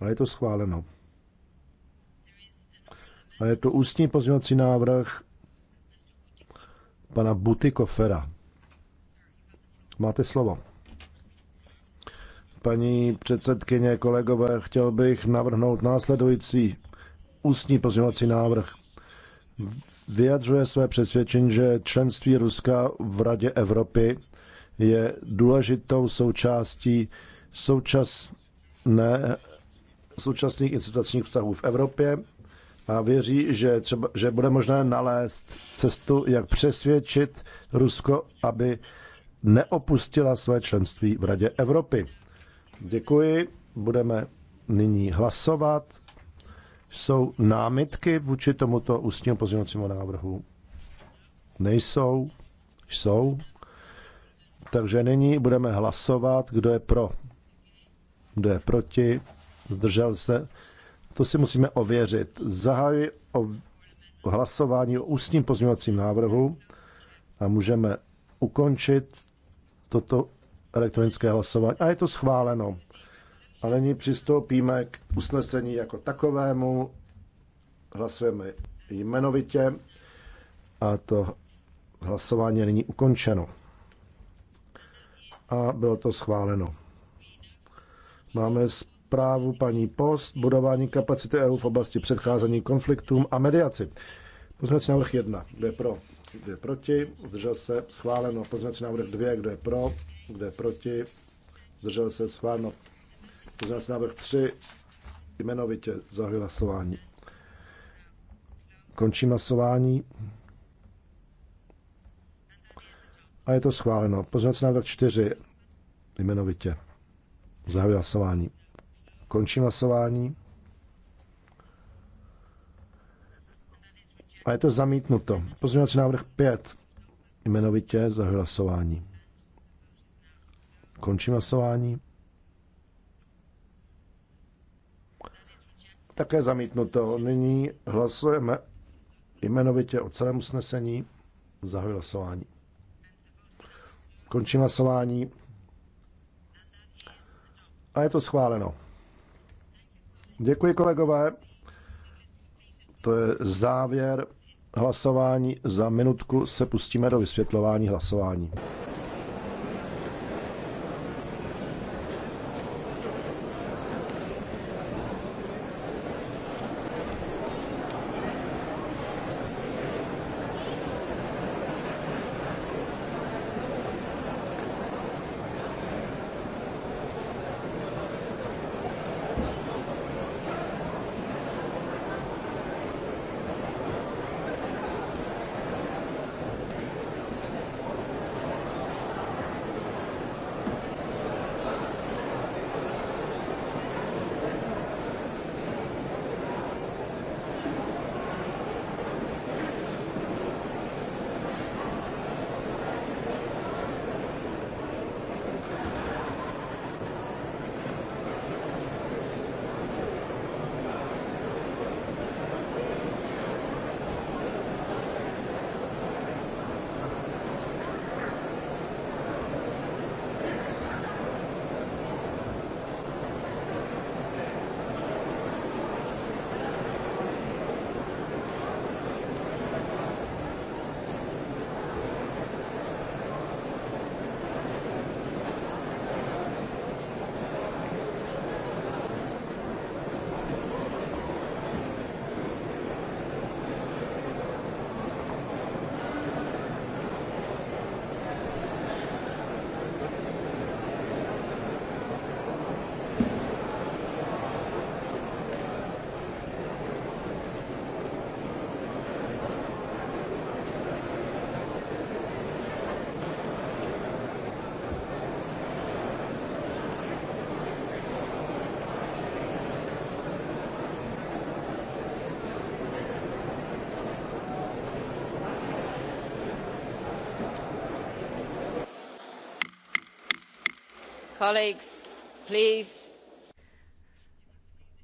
A je to schváleno. A je to ústní pozměňovací návrh pana Buty Kofera. Máte slovo. Paní předsedkyně, kolegové, chtěl bych navrhnout následující ústní pozměňovací návrh. Vyjadřuje své přesvědčení, že členství Ruska v Radě Evropy je důležitou součástí současné současných institucních vztahů v Evropě a věří, že, třeba, že bude možné nalézt cestu, jak přesvědčit Rusko, aby neopustila své členství v Radě Evropy. Děkuji, budeme nyní hlasovat. Jsou námitky vůči tomuto ústního pozměňovacímu návrhu? Nejsou. Jsou. Takže nyní budeme hlasovat, kdo je pro, kdo je proti, zdržel se. To si musíme ověřit. Zahajuji o hlasování o ústním pozměňovacím návrhu a můžeme ukončit toto elektronické hlasování. A je to schváleno. A nyní přistoupíme k usnesení jako takovému. Hlasujeme jmenovitě a to hlasování není ukončeno. A bylo to schváleno. Máme zprávu paní Post, budování kapacity EU v oblasti předcházení konfliktům a mediaci. Pozměňovací návrh 1, kdo je pro, kdo je proti, zdržel se, schváleno. Pozměňovací návrh 2, kdo je pro, kdo je proti, zdržel se, schváleno. Pozměňovací návrh 3, jmenovitě zahajuji hlasování. Končím hlasování. A je to schváleno. Pozměňovací návrh 4, jmenovitě. Zahajuji hlasování. Končím hlasování. A je to zamítnuto. Pozměňovací návrh 5. Jmenovitě za hlasování. Končím hlasování. Také zamítnuto. Nyní hlasujeme jmenovitě o celém usnesení. za hlasování. Končím hlasování. A je to schváleno. Děkuji, kolegové. To je závěr hlasování. Za minutku se pustíme do vysvětlování hlasování.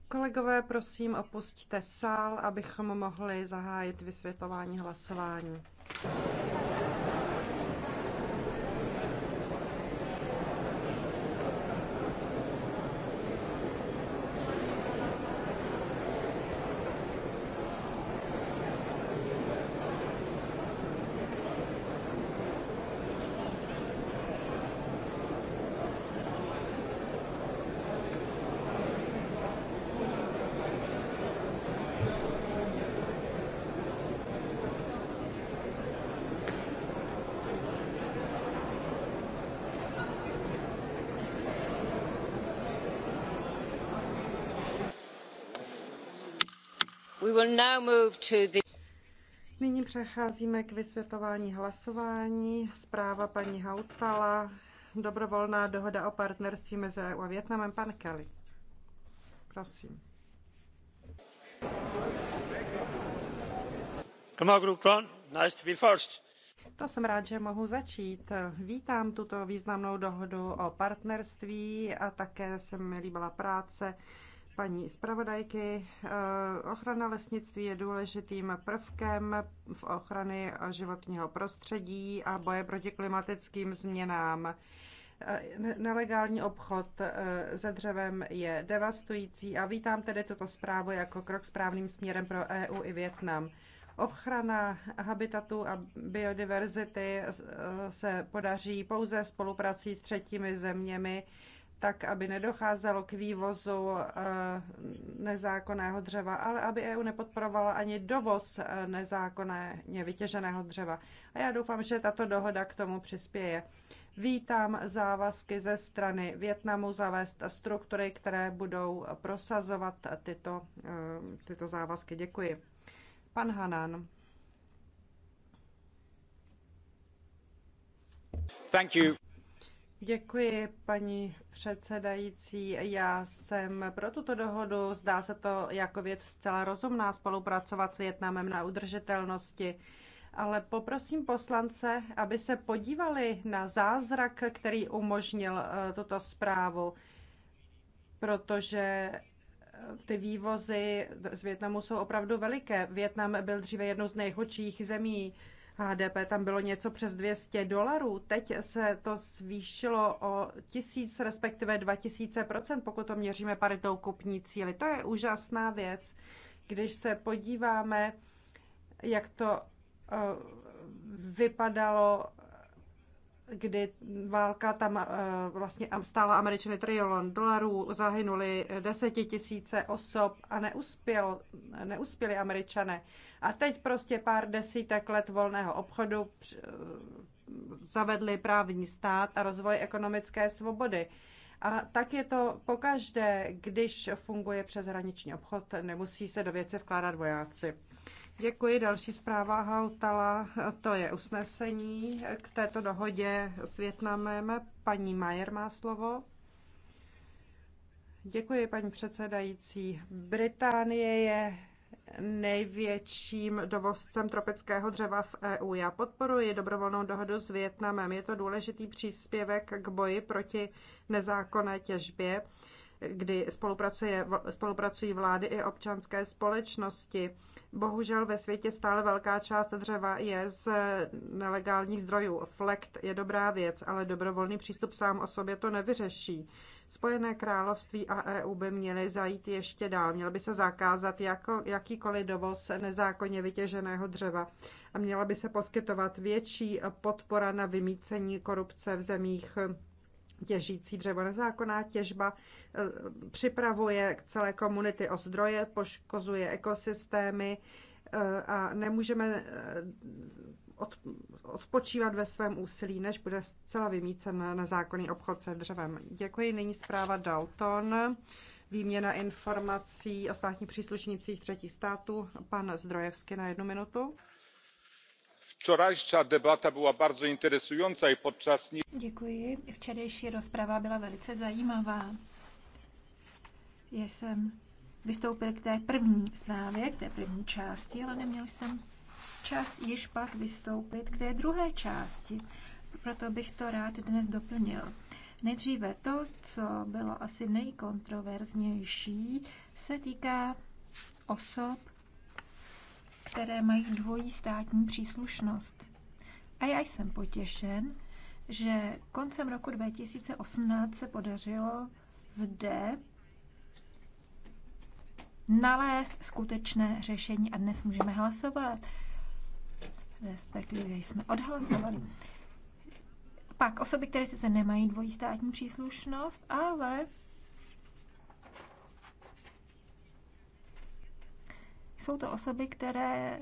Kolegové, prosím, opusťte sál, abychom mohli zahájit vysvětlování hlasování. Nyní přecházíme k vysvětlování hlasování. Zpráva paní Hautala, dobrovolná dohoda o partnerství mezi EU a Větnamem. Pan Kelly, prosím. Nice to be first. To jsem rád, že mohu začít. Vítám tuto významnou dohodu o partnerství a také se mi líbila práce paní zpravodajky. Eh, ochrana lesnictví je důležitým prvkem v ochrany životního prostředí a boje proti klimatickým změnám. Eh, nelegální obchod se eh, dřevem je devastující a vítám tedy tuto zprávu jako krok správným směrem pro EU i Větnam. Ochrana habitatu a biodiverzity se podaří pouze spoluprací s třetími zeměmi, tak aby nedocházelo k vývozu eh, nezákonného dřeva, ale aby EU nepodporovala ani dovoz eh, nezákonně vytěženého dřeva. A já doufám, že tato dohoda k tomu přispěje. Vítám závazky ze strany Větnamu zavést struktury, které budou prosazovat tyto, eh, tyto závazky. Děkuji. Pan Hanan. Thank you. Děkuji, paní předsedající. Já jsem pro tuto dohodu, zdá se to jako věc zcela rozumná, spolupracovat s Větnamem na udržitelnosti. Ale poprosím poslance, aby se podívali na zázrak, který umožnil eh, tuto zprávu, protože eh, ty vývozy z Větnamu jsou opravdu veliké. Větnam byl dříve jednou z nejchudších zemí HDP tam bylo něco přes 200 dolarů, teď se to zvýšilo o 1000, respektive 2000 pokud to měříme paritou kupní cíly. To je úžasná věc. Když se podíváme, jak to eh, vypadalo kdy válka tam eh, vlastně stála američany trilion dolarů, zahynuli desetitisíce osob a neuspělo, neuspěli američané. A teď prostě pár desítek let volného obchodu eh, zavedli právní stát a rozvoj ekonomické svobody. A tak je to pokaždé, když funguje přeshraniční obchod, nemusí se do věce vkládat vojáci. Děkuji. Další zpráva Hautala, to je usnesení k této dohodě s Větnamem. Paní Majer má slovo. Děkuji, paní předsedající. Británie je největším dovozcem tropického dřeva v EU. Já podporuji dobrovolnou dohodu s Větnamem. Je to důležitý příspěvek k boji proti nezákonné těžbě kdy spolupracuje, spolupracují vlády i občanské společnosti. Bohužel ve světě stále velká část dřeva je z nelegálních zdrojů. Flekt je dobrá věc, ale dobrovolný přístup sám o sobě to nevyřeší. Spojené království a EU by měly zajít ještě dál. Měl by se zakázat jako, jakýkoliv dovoz nezákonně vytěženého dřeva a měla by se poskytovat větší podpora na vymícení korupce v zemích těžící dřevo. Nezákonná těžba eh, připravuje celé komunity o zdroje, poškozuje ekosystémy eh, a nemůžeme eh, odpočívat ve svém úsilí, než bude zcela vymícen nezákonný obchod se dřevem. Děkuji. Nyní zpráva Dalton. Výměna informací o státních příslušnících třetích států. Pan Zdrojevsky na jednu minutu wczorajsza debata była bardzo interesująca i podczas niej. Děkuji. Včerejší rozprava byla velice zajímavá. Já jsem vystoupil k té první zprávě, k té první části, ale neměl jsem čas již pak vystoupit k té druhé části. Proto bych to rád dnes doplnil. Nejdříve to, co bylo asi nejkontroverznější, se týká osob, které mají dvojí státní příslušnost. A já jsem potěšen, že koncem roku 2018 se podařilo zde nalézt skutečné řešení a dnes můžeme hlasovat, respektive jsme odhlasovali. Pak osoby, které sice nemají dvojí státní příslušnost, ale Jsou to osoby, které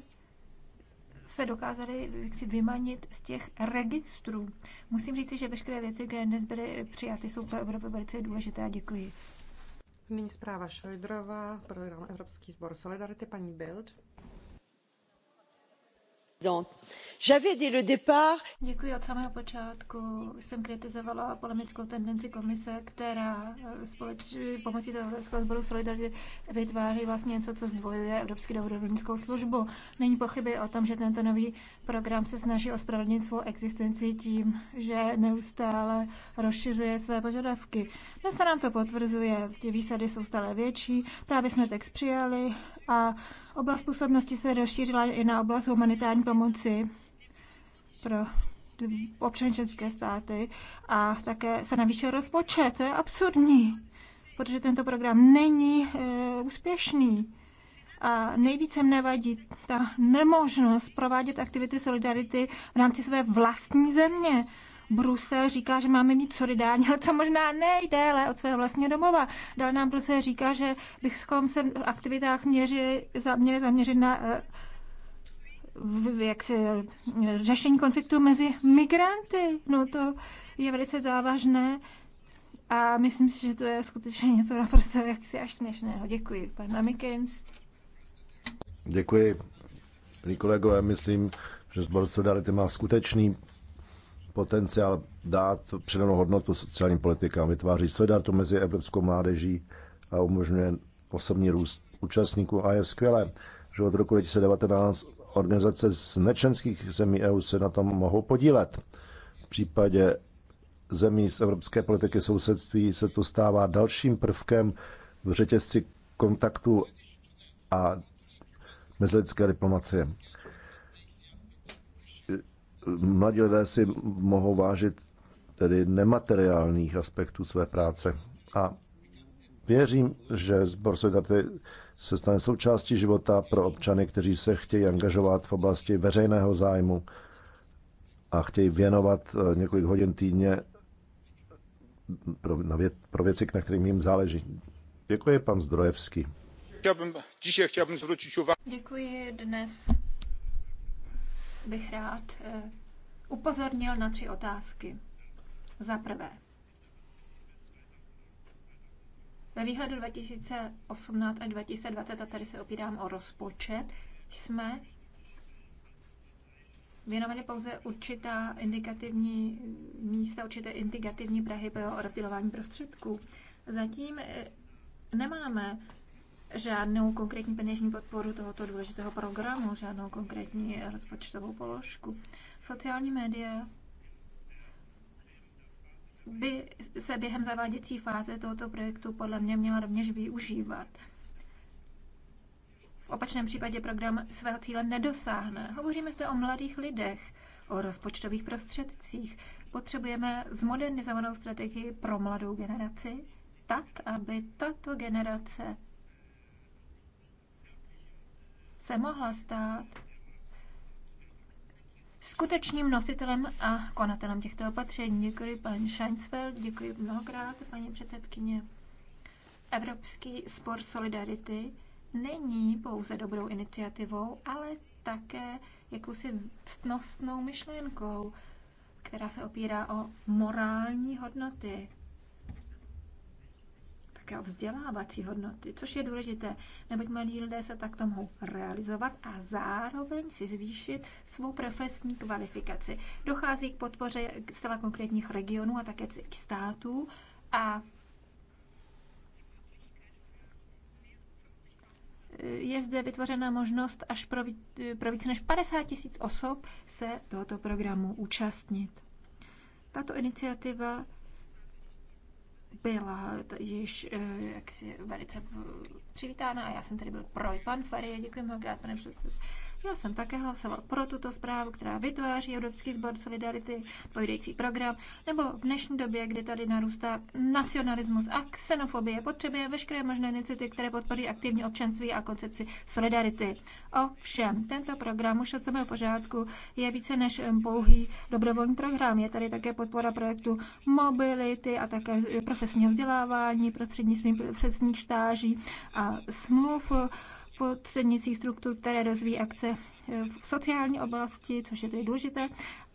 se dokázali si vymanit z těch registrů. Musím říci, že veškeré věci, které dnes byly přijaty, jsou pro Evropu velice důležité a děkuji. Nyní zpráva Šojdrova, program Evropský sbor Solidarity, paní Bild. Děkuji od samého počátku. Jsem kritizovala polemickou tendenci komise, která eh, pomocí toho Evropského sboru Solidarity vytváří vlastně něco, co zdvojuje Evropský dobrovolnickou službu. Není pochyby o tom, že tento nový program se snaží ospravedlnit svou existenci tím, že neustále rozšiřuje své požadavky. Dnes se nám to potvrzuje, ty výsady jsou stále větší, právě jsme text přijali a Oblast působnosti se rozšířila i na oblast humanitární pomoci pro občany české státy a také se navýšil rozpočet. To je absurdní, protože tento program není e, úspěšný. A nejvíce mne vadí ta nemožnost provádět aktivity solidarity v rámci své vlastní země. Brusel říká, že máme mít solidárně, ale co možná nejdéle od svého vlastního domova. Dále nám Brusel říká, že bychom se v aktivitách měřili, měli zaměřit na eh, v, jak se eh, řešení konfliktu mezi migranty. No to je velice závažné a myslím si, že to je skutečně něco naprosto jaksi až směšného. Děkuji, pan Mamikins. Děkuji. kolegové, myslím, že sbor Solidarity má skutečný potenciál dát přidanou hodnotu sociálním politikám, vytváří solidaritu mezi evropskou mládeží a umožňuje osobní růst účastníků. A je skvělé, že od roku 2019 organizace z nečenských zemí EU se na tom mohou podílet. V případě zemí z evropské politiky sousedství se to stává dalším prvkem v řetězci kontaktů a mezilidské diplomacie mladí lidé si mohou vážit tedy nemateriálních aspektů své práce. A věřím, že Zbor Solidarity se stane součástí života pro občany, kteří se chtějí angažovat v oblasti veřejného zájmu a chtějí věnovat eh, několik hodin týdně pro, na vě, pro věci, na kterým jim záleží. Děkuji, pan Zdrojevský. Děkuji, dnes bych rád eh, upozornil na tři otázky. Za prvé, ve výhledu 2018 až 2020, a tady se opírám o rozpočet, jsme věnovali pouze určitá indikativní místa, určité indikativní prahy pro rozdělování prostředků. Zatím eh, nemáme žádnou konkrétní peněžní podporu tohoto důležitého programu, žádnou konkrétní rozpočtovou položku. Sociální média by se během zaváděcí fáze tohoto projektu podle mě měla rovněž využívat. V opačném případě program svého cíle nedosáhne. Hovoříme zde o mladých lidech, o rozpočtových prostředcích. Potřebujeme zmodernizovanou strategii pro mladou generaci, tak, aby tato generace se mohla stát skutečným nositelem a konatelem těchto opatření. Děkuji pan Scheinsfeld, děkuji mnohokrát, paní předsedkyně. Evropský spor solidarity není pouze dobrou iniciativou, ale také jakousi vstnostnou myšlenkou, která se opírá o morální hodnoty evropského vzdělávací hodnoty, což je důležité, neboť mladí lidé se takto mohou realizovat a zároveň si zvýšit svou profesní kvalifikaci. Dochází k podpoře zcela konkrétních regionů a také k států a e, je zde vytvořena možnost až pro, pro více než 50 tisíc osob se tohoto programu účastnit. Tato iniciativa byla již eh, jaksi velice přivítána a já jsem tady byl pro. Pan Ferie, děkuji mnohokrát, pane předsedo. Já jsem také hlasoval pro tuto zprávu, která vytváří Evropský sbor Solidarity, odpovídající program, nebo v dnešní době, kdy tady narůstá nacionalismus a xenofobie, potřebuje veškeré možné iniciativy, které podpoří aktivní občanství a koncepci Solidarity. Ovšem, tento program už od samého pořádku je více než pouhý dobrovolný program. Je tady také podpora projektu mobility a také profesního vzdělávání prostřednictvím profesních stáží a smluv prostřednictvím struktur, které rozvíjí akce eh, v sociální oblasti, což je tedy důležité,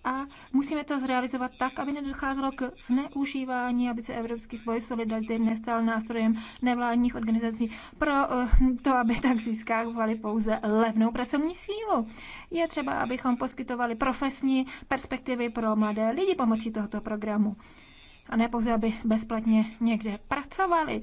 a musíme to zrealizovat tak, aby nedocházelo k zneužívání, aby se Evropský spoj solidarity nestal nástrojem nevládních organizací pro eh, to, aby tak získávali pouze levnou pracovní sílu. Je třeba, abychom poskytovali profesní perspektivy pro mladé lidi pomocí tohoto programu. A ne pouze, aby bezplatně někde pracovali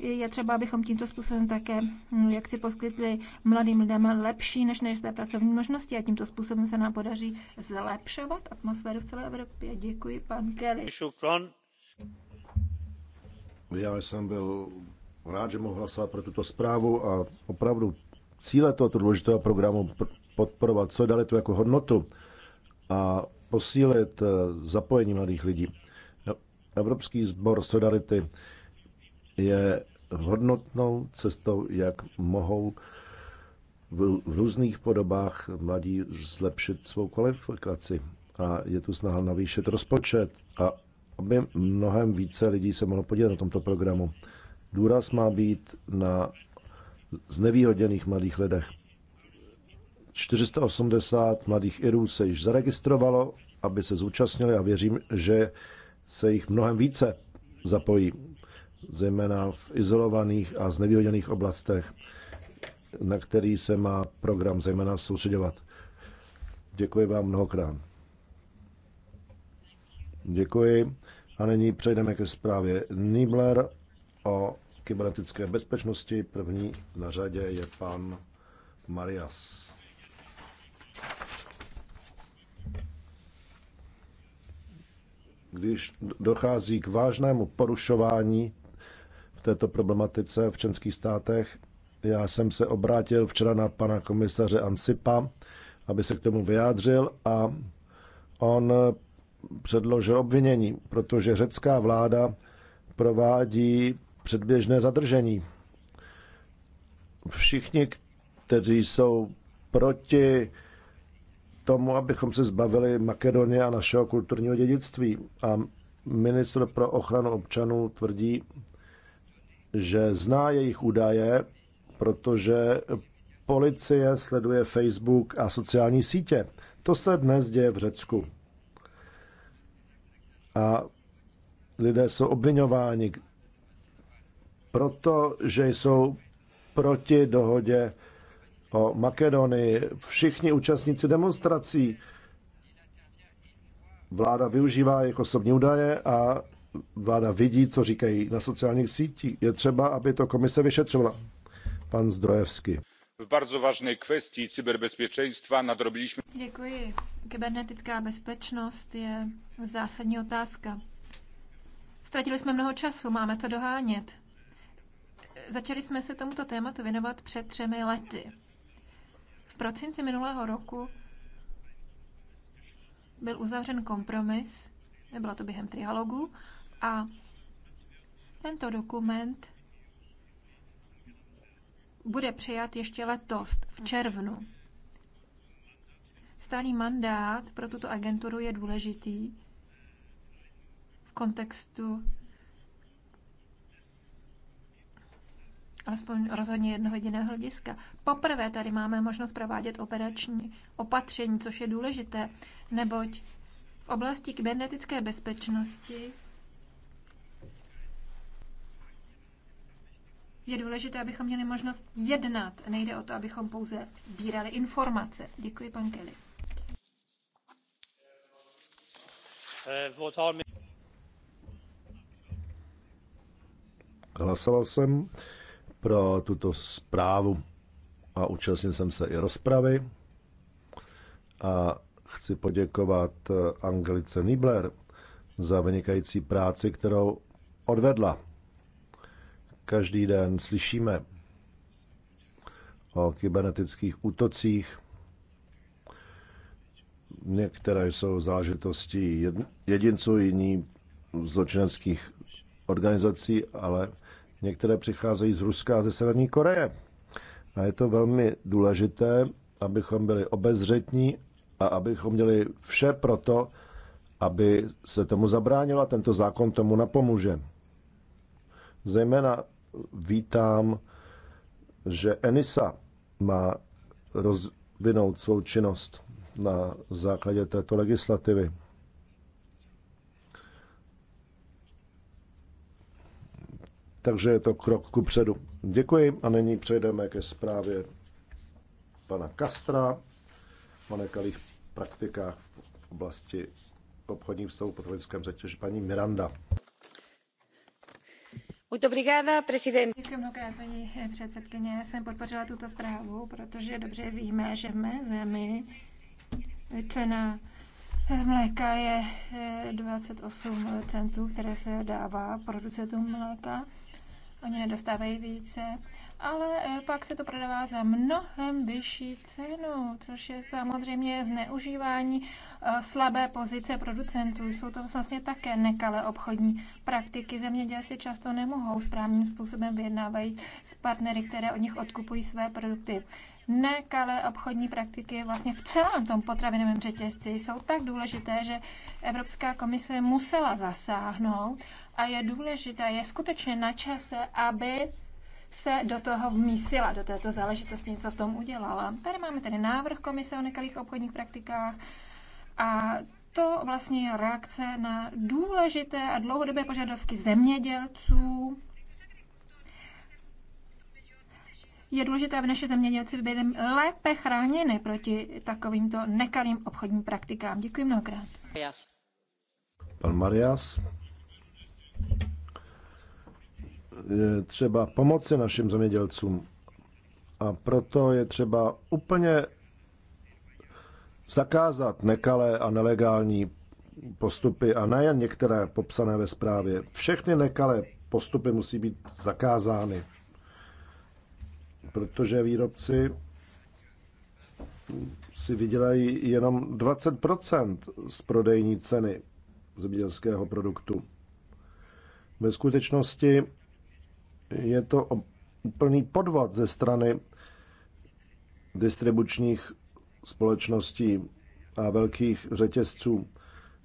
je třeba, abychom tímto způsobem také, mm, jak si poskytli mladým lidem lepší než než té pracovní možnosti a tímto způsobem se nám podaří zlepšovat atmosféru v celé Evropě. Děkuji, pan Kelly. Já jsem byl rád, že mohl hlasovat pro tuto zprávu a opravdu cíle tohoto důležitého programu podporovat co tu jako hodnotu a posílit eh, zapojení mladých lidí. Evropský sbor Solidarity je hodnotnou cestou, jak mohou v různých podobách mladí zlepšit svou kvalifikaci. A je tu snaha navýšit rozpočet a aby mnohem více lidí se mohlo podílet na tomto programu. Důraz má být na znevýhodněných mladých lidech. 480 mladých Irů se již zaregistrovalo, aby se zúčastnili a věřím, že se jich mnohem více zapojí zejména v izolovaných a znevýhodněných oblastech, na který se má program zejména soustředovat. Děkuji vám mnohokrát. Děkuji. A nyní přejdeme ke zprávě Nibler o kybernetické bezpečnosti. První na řadě je pan Marias. Když dochází k vážnému porušování této problematice v členských státech. Já jsem se obrátil včera na pana komisaře Ansipa, aby se k tomu vyjádřil a on předložil obvinění, protože řecká vláda provádí předběžné zadržení. Všichni, kteří jsou proti tomu, abychom se zbavili Makedonie a našeho kulturního dědictví. A ministr pro ochranu občanů tvrdí, že zná jejich údaje, protože policie sleduje Facebook a sociální sítě. To se dnes děje v Řecku. A lidé jsou obvinováni proto, že jsou proti dohodě o Makedonii. Všichni účastníci demonstrací vláda využívá jejich osobní údaje a vláda vidí, co říkají na sociálních sítích. Je třeba, aby to komise vyšetřovala. Pan Zdrojevský. V bardzo ważnej kwestii cyberbezpieczeństwa nadrobiliśmy. Děkuji. Kybernetická bezpečnost je zásadní otázka. Ztratili jsme mnoho času, máme to dohánět. Začali jsme se tomuto tématu věnovat před třemi lety. V prosinci minulého roku byl uzavřen kompromis, nebylo to během trialogu, a tento dokument bude přijat ještě letos, v červnu. Stálý mandát pro tuto agenturu je důležitý v kontextu alespoň rozhodně jednoho jediného hlediska. Poprvé tady máme možnost provádět operační opatření, což je důležité, neboť v oblasti kybernetické bezpečnosti je důležité, abychom měli možnost jednat. Nejde o to, abychom pouze sbírali informace. Děkuji, pan Kelly. Hlasoval jsem pro tuto zprávu a účastnil jsem se i rozpravy. A chci poděkovat eh, Angelice Nibler za vynikající práci, kterou odvedla Každý den slyšíme o kybernetických útocích. Některé jsou záležitostí jedinců, jiní zločineckých organizací, ale některé přicházejí z Ruska a ze Severní Koreje. A je to velmi důležité, abychom byli obezřetní a abychom měli vše proto, aby se tomu zabránilo a tento zákon tomu napomůže. Zejména vítám, že ENISA má rozvinout svou činnost na základě této legislativy. Takže je to krok ku předu. Děkuji a nyní přejdeme ke zprávě pana Kastra o nekalých praktikách v oblasti obchodních vztahů po potravinském řetěži paní Miranda. Děkuji paní předsedající Já jsem podpořila tuto zprávu, protože dobře víme, že v mé zemi cena mléka je 28 eh, centů, které se dává producentům mléka. Oni nedostávají více ale eh, pak se to prodává za mnohem vyšší cenu, což je samozřejmě zneužívání eh, slabé pozice producentů. Jsou to vlastně také nekalé obchodní praktiky. Zemědělci často nemohou správným způsobem vyjednávat s partnery, které od nich odkupují své produkty nekalé obchodní praktiky vlastně v celém tom potravinovém řetězci jsou tak důležité, že Evropská komise musela zasáhnout a je důležité, je skutečně na čase, aby se do toho vmísila, do této záležitosti něco v tom udělala. Tady máme tedy návrh Komise o nekalých obchodních praktikách a to vlastně je reakce na důležité a dlouhodobé požadavky zemědělců. Je důležité, aby naše zemědělci byli lépe chráněni proti takovýmto nekalým obchodním praktikám. Děkuji mnohokrát. Pan Marias je třeba pomoci našim zemědělcům. A proto je třeba úplně zakázat nekalé a nelegální postupy a nejen některé popsané ve zprávě. Všechny nekalé postupy musí být zakázány, protože výrobci si vydělají jenom 20% z prodejní ceny zemědělského produktu. Ve skutečnosti je to úplný podvod ze strany distribučních společností a velkých řetězců,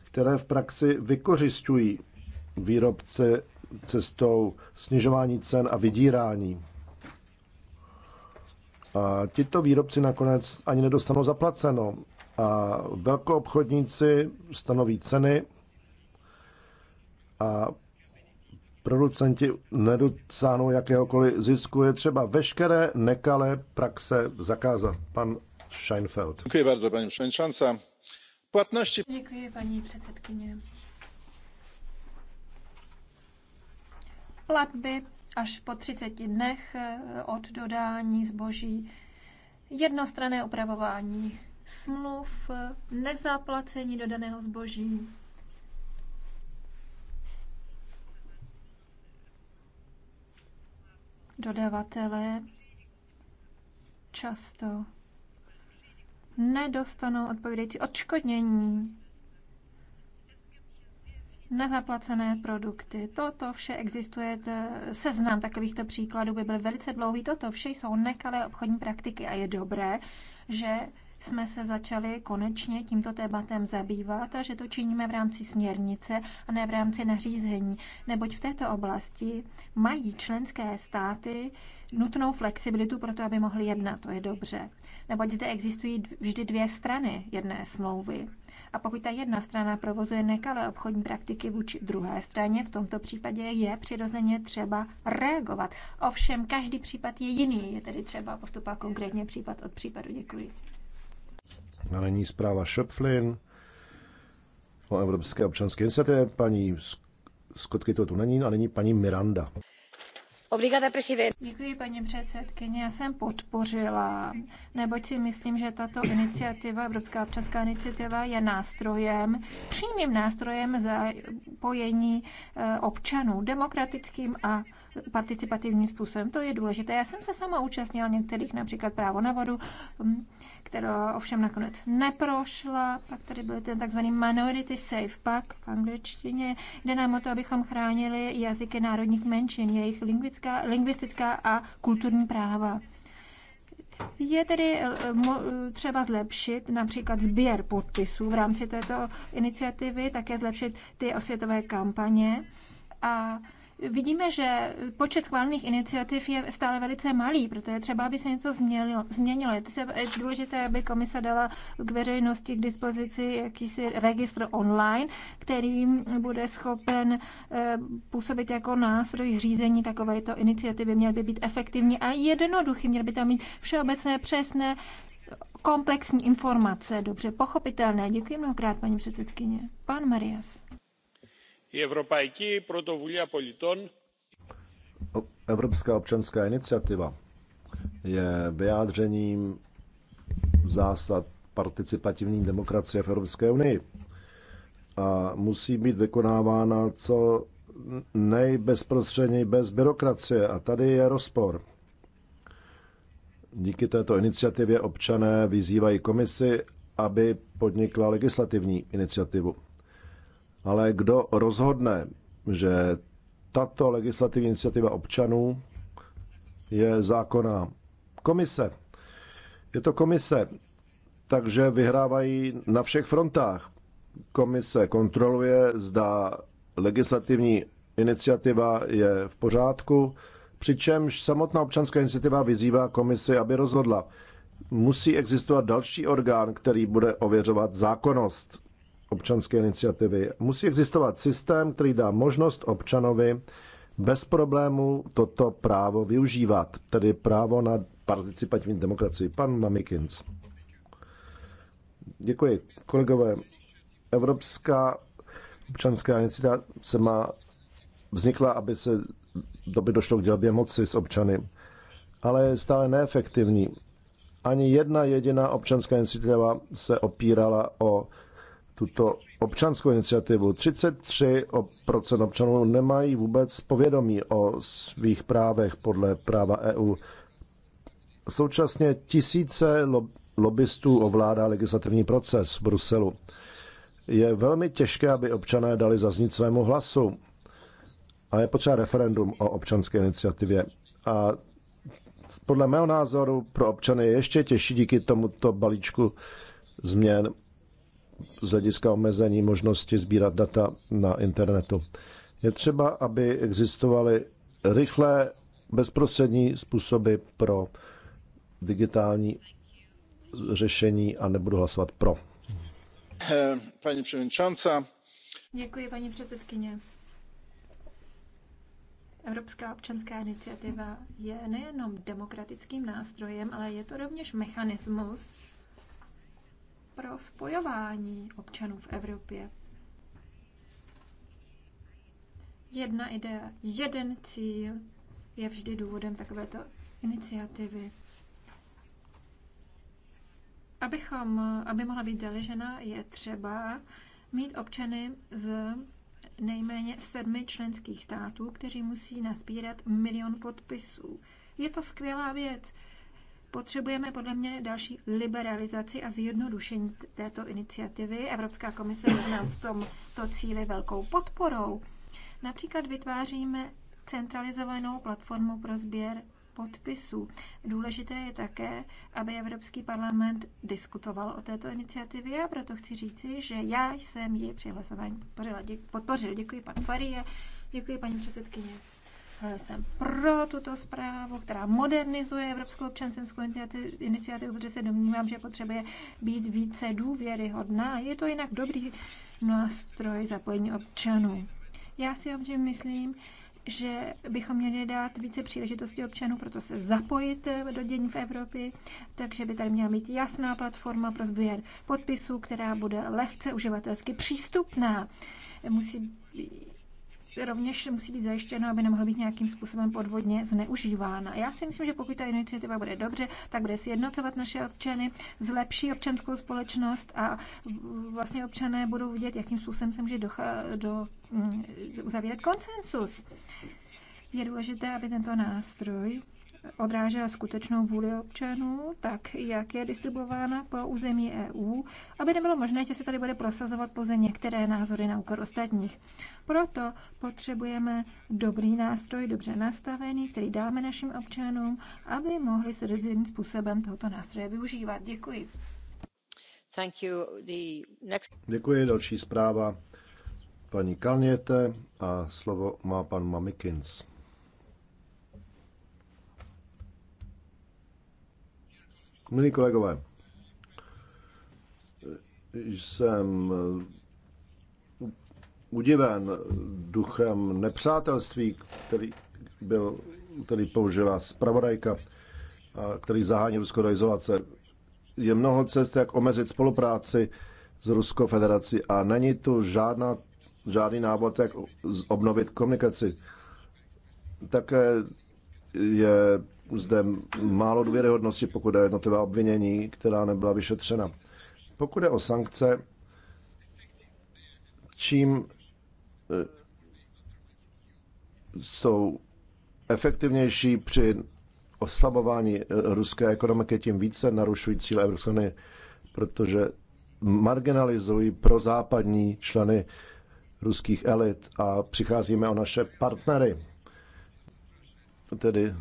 které v praxi vykořišťují výrobce cestou snižování cen a vydírání. A tito výrobci nakonec ani nedostanou zaplaceno. A obchodníci stanoví ceny a producenti nedosáhnou jakéhokoliv zisku, je třeba veškeré nekalé praxe zakázat. Pan Scheinfeld. Děkuji bardzo, paní předsedkyně. Platnosti... Děkuji, paní předsedkyně. Platby až po 30 dnech eh, od dodání zboží, jednostrané upravování smluv, eh, nezaplacení dodaného zboží, dodavatelé často nedostanou odpovídající odškodnění nezaplacené produkty. Toto vše existuje, seznam takovýchto příkladů by byl velice dlouhý. Toto vše jsou nekalé obchodní praktiky a je dobré, že jsme se začali konečně tímto tématem zabývat a že to činíme v rámci směrnice a ne v rámci nařízení, neboť v této oblasti mají členské státy nutnou flexibilitu pro to, aby mohli jednat. To je dobře. Neboť zde existují vždy dvě strany jedné smlouvy. A pokud ta jedna strana provozuje nekalé obchodní praktiky vůči druhé straně, v tomto případě je přirozeně třeba reagovat. Ovšem, každý případ je jiný, je tedy třeba postupovat konkrétně případ od případu. Děkuji. A není zpráva Schöpflin o Evropské občanské iniciativě. Paní Skotky to tu není a není paní Miranda. Děkuji, paní předsedkyně. Já jsem podpořila, neboť si myslím, že tato iniciativa, Evropská občanská iniciativa, je nástrojem, přímým nástrojem zapojení eh, občanů demokratickým a participativním způsobem. To je důležité. Já jsem se sama účastnila některých, například právo na vodu, mm, která ovšem nakonec neprošla. Pak tady byl ten takzvaný Minority Safe Pack v angličtině. Jde nám o to, abychom chránili jazyky národních menšin, jejich lingvistická a kulturní práva. Je tedy eh, eh, třeba zlepšit například sběr podpisů v rámci této iniciativy, také zlepšit ty osvětové kampaně a vidíme, že počet schválených iniciativ je stále velice malý, proto je třeba, aby se něco změnilo. změnilo. Je důležité, aby komise dala k veřejnosti k dispozici jakýsi registr online, který bude schopen eh, působit jako nástroj řízení takovéto iniciativy. Měl by být efektivní a jednoduchý, měl by tam mít všeobecné, přesné, komplexní informace, dobře pochopitelné. Děkuji mnohokrát, paní předsedkyně. Pan Marias. Evropská občanská iniciativa je vyjádřením zásad participativní demokracie v Evropské unii a musí být vykonávána co nejbezprostředněji bez byrokracie. A tady je rozpor. Díky této iniciativě občané vyzývají komisi, aby podnikla legislativní iniciativu. Ale kdo rozhodne, že tato legislativní iniciativa občanů je zákona komise. Je to komise, takže vyhrávají na všech frontách. Komise kontroluje, zda legislativní iniciativa je v pořádku, přičemž samotná občanská iniciativa vyzývá komisi, aby rozhodla. Musí existovat další orgán, který bude ověřovat zákonnost občanské iniciativy. Musí existovat systém, který dá možnost občanovi bez problému toto právo využívat, tedy právo na participativní demokracii. Pan Mamikins. Děkuji, kolegové. Evropská občanská iniciativa se má, vznikla, aby se doby došlo k dělbě moci s občany, ale je stále neefektivní. Ani jedna jediná občanská iniciativa se opírala o tuto občanskou iniciativu. 33% občanů nemají vůbec povědomí o svých právech podle práva EU. Současně tisíce lob- lobbystů ovládá legislativní proces v Bruselu. Je velmi těžké, aby občané dali zaznít svému hlasu. A je potřeba referendum o občanské iniciativě. A podle mého názoru pro občany je ještě těžší díky tomuto balíčku změn z hlediska omezení možnosti sbírat data na internetu. Je třeba, aby existovaly rychlé, bezprostřední způsoby pro digitální řešení a nebudu hlasovat pro. Paní předsedkyně. Děkuji, paní předsedkyně. Evropská občanská iniciativa je nejenom demokratickým nástrojem, ale je to rovněž mechanismus, pro spojování občanů v Evropě. Jedna idea, jeden cíl je vždy důvodem takovéto iniciativy. Abychom, aby mohla být založena, je třeba mít občany z nejméně sedmi členských států, kteří musí nasbírat milion podpisů. Je to skvělá věc. Potřebujeme podle mě další liberalizaci a zjednodušení této iniciativy. Evropská komise je v v tomto cíli velkou podporou. Například vytváříme centralizovanou platformu pro sběr podpisů. Důležité je také, aby Evropský parlament diskutoval o této iniciativě a proto chci říci, že já jsem ji při hlasování podpořila. Děkuji, podpořil. Děkuji pan Farie, děkuji paní předsedkyně jsem pro tuto zprávu, která modernizuje Evropskou občanskou iniciativu, protože se domnívám, že potřebuje být více důvěryhodná. Je to jinak dobrý nástroj zapojení občanů. Já si občas myslím, že bychom měli dát více příležitostí občanů, proto se zapojit do dění v Evropě, takže by tady měla být jasná platforma pro sběr podpisů, která bude lehce uživatelsky přístupná. Musí být rovněž musí být zajištěno, aby nemohlo být nějakým způsobem podvodně zneužívána. Já si myslím, že pokud ta iniciativa bude dobře, tak bude sjednocovat naše občany, zlepší občanskou společnost a vlastně občané budou vidět, jakým způsobem se může docha- do, mm, uzavírat konsensus. Je důležité, aby tento nástroj odrážela skutečnou vůli občanů, tak jak je distribuována po území EU, aby nebylo možné, že se tady bude prosazovat pouze některé názory na úkor ostatních. Proto potřebujeme dobrý nástroj, dobře nastavený, který dáme našim občanům, aby mohli se rozhodným způsobem tohoto nástroje využívat. Děkuji. Thank you. The next... Děkuji. Další zpráva paní Kalněte a slovo má pan Mamikins. Milí kolegové, jsem eh, udiven duchem nepřátelství, který byl, který použila zpravodajka, který zahání Rusko do izolace. Je mnoho cest, jak omezit spolupráci s Ruskou federací a není tu žádná, žádný návod, jak obnovit komunikaci. Také je zde málo důvěryhodnosti, pokud je jednotlivá obvinění, která nebyla vyšetřena. Pokud je o sankce, čím eh, jsou efektivnější při oslabování eh, ruské ekonomiky, tím více narušují cíle Evropské unie, protože marginalizují západní členy ruských elit a přicházíme o naše partnery, tedy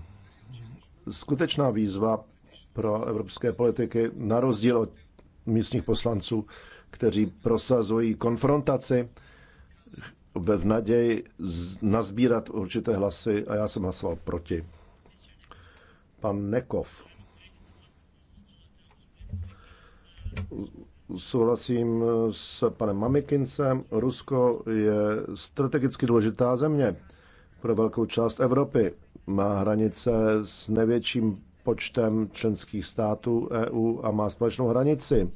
skutečná výzva pro evropské politiky, na rozdíl od místních poslanců, kteří prosazují konfrontaci ve v naději nazbírat určité hlasy a já jsem hlasoval proti. Pan Nekov. Souhlasím s panem Mamikincem. Rusko je strategicky důležitá země pro velkou část Evropy má hranice s největším počtem členských států EU a má společnou hranici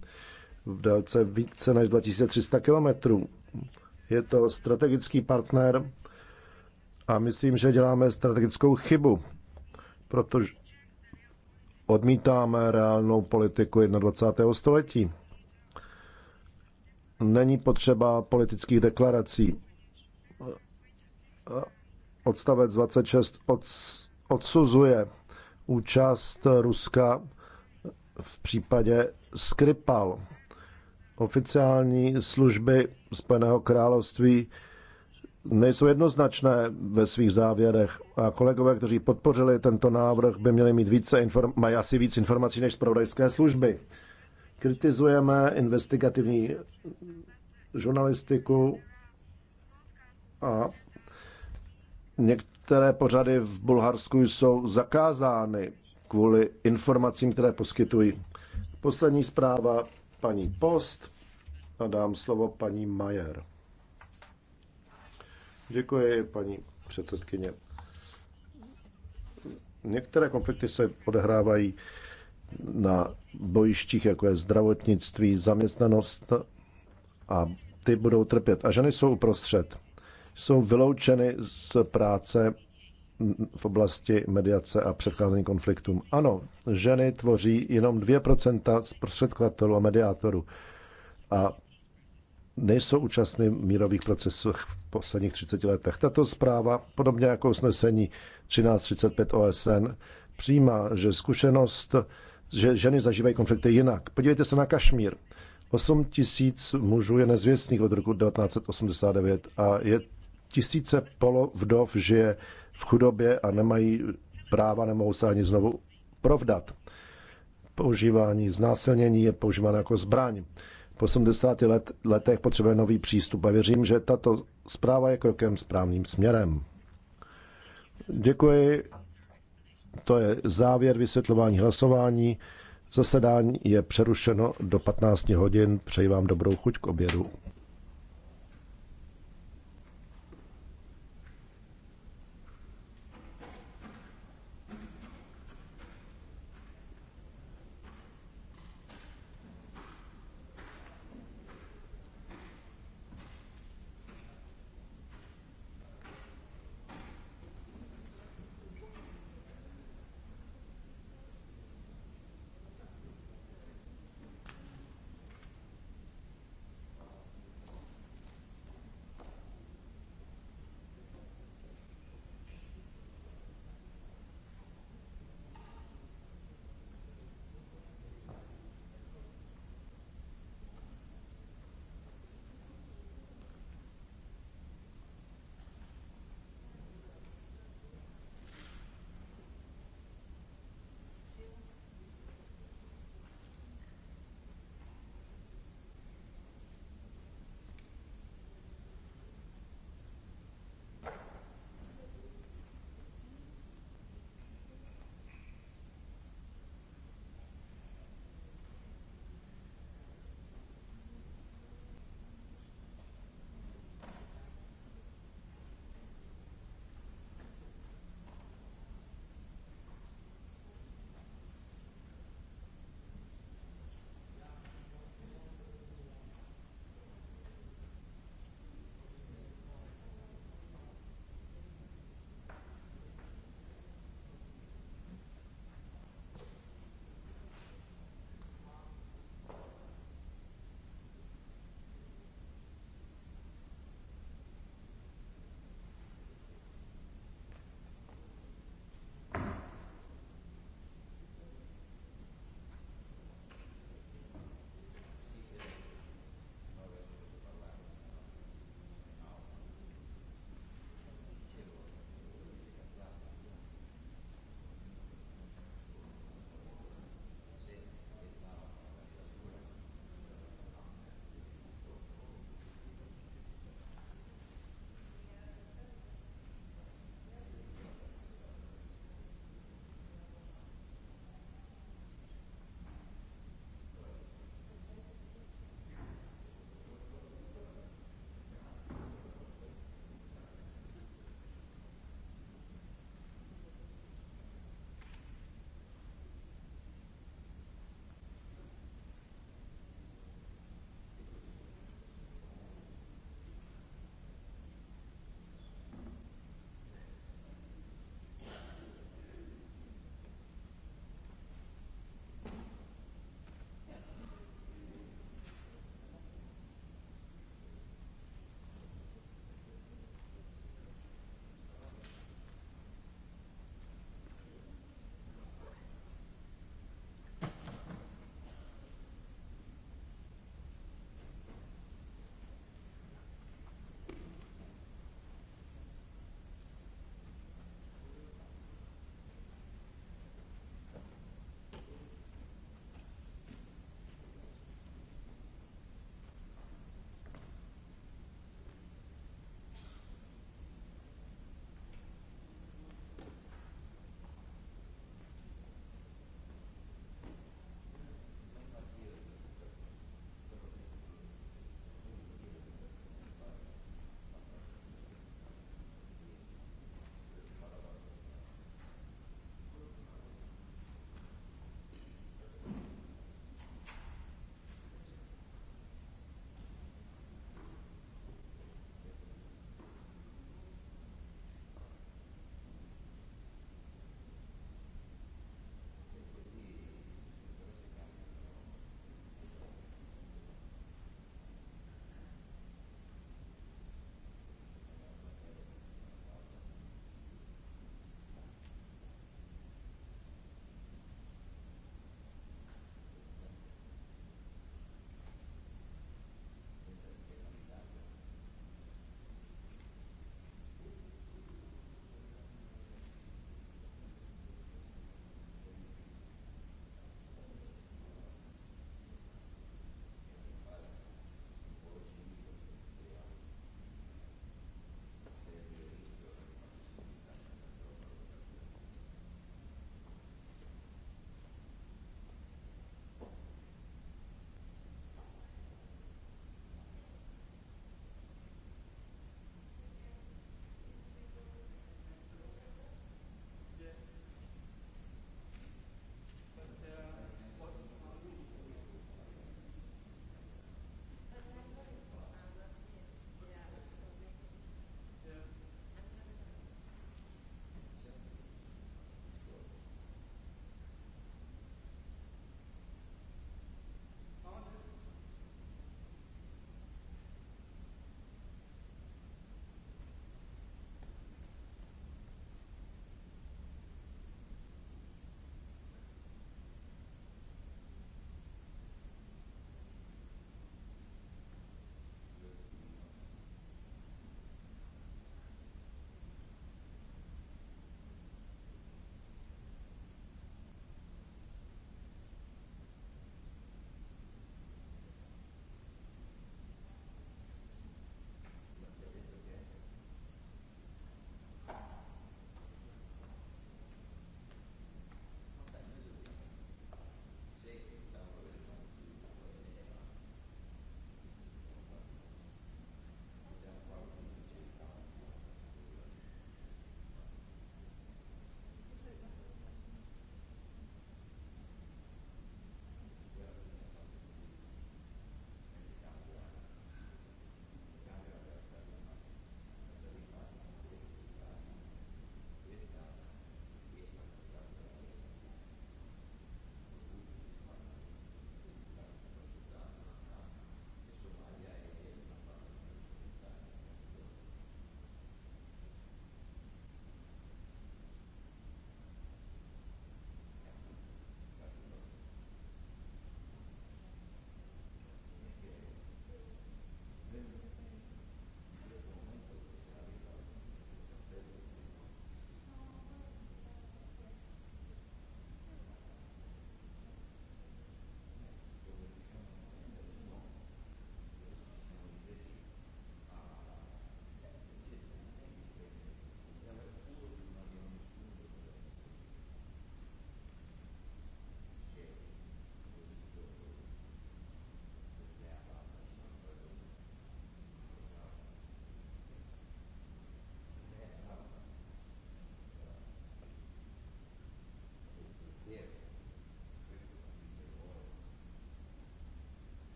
v délce více než 2300 kilometrů. Je to strategický partner a myslím, že děláme strategickou chybu, protože odmítáme reálnou politiku 21. století. Není potřeba politických deklarací odstavec 26 odsuzuje účast Ruska v případě Skripal. Oficiální služby Spojeného království nejsou jednoznačné ve svých závěrech. A kolegové, kteří podpořili tento návrh, by měli mít více inform- mají asi víc informací než zpravodajské služby. Kritizujeme investigativní žurnalistiku a Některé pořady v Bulharsku jsou zakázány kvůli informacím, které poskytují. Poslední zpráva paní Post a dám slovo paní Majer. Děkuji, paní předsedkyně. Některé konflikty se odehrávají na bojištích, jako je zdravotnictví, zaměstnanost a ty budou trpět. A ženy jsou uprostřed jsou vyloučeny z práce v oblasti mediace a předcházení konfliktům. Ano, ženy tvoří jenom 2% zprostředkovatelů a mediátorů a nejsou účastny v mírových procesů v posledních 30 letech. Tato zpráva, podobně jako usnesení 1335 OSN, přijímá, že zkušenost, že ženy zažívají konflikty jinak. Podívejte se na Kašmír. 8 tisíc mužů je nezvěstných od roku 1989 a je Tisíce polovdov žije v chudobě a nemají práva, nemohou se ani znovu provdat. Používání znásilnění je používáno jako zbraň. Po 70 let, letech potřebuje nový přístup a věřím, že tato zpráva je krokem správným směrem. Děkuji. To je závěr vysvětlování hlasování. Zasedání je přerušeno do 15 hodin. Přeji vám dobrou chuť k obědu.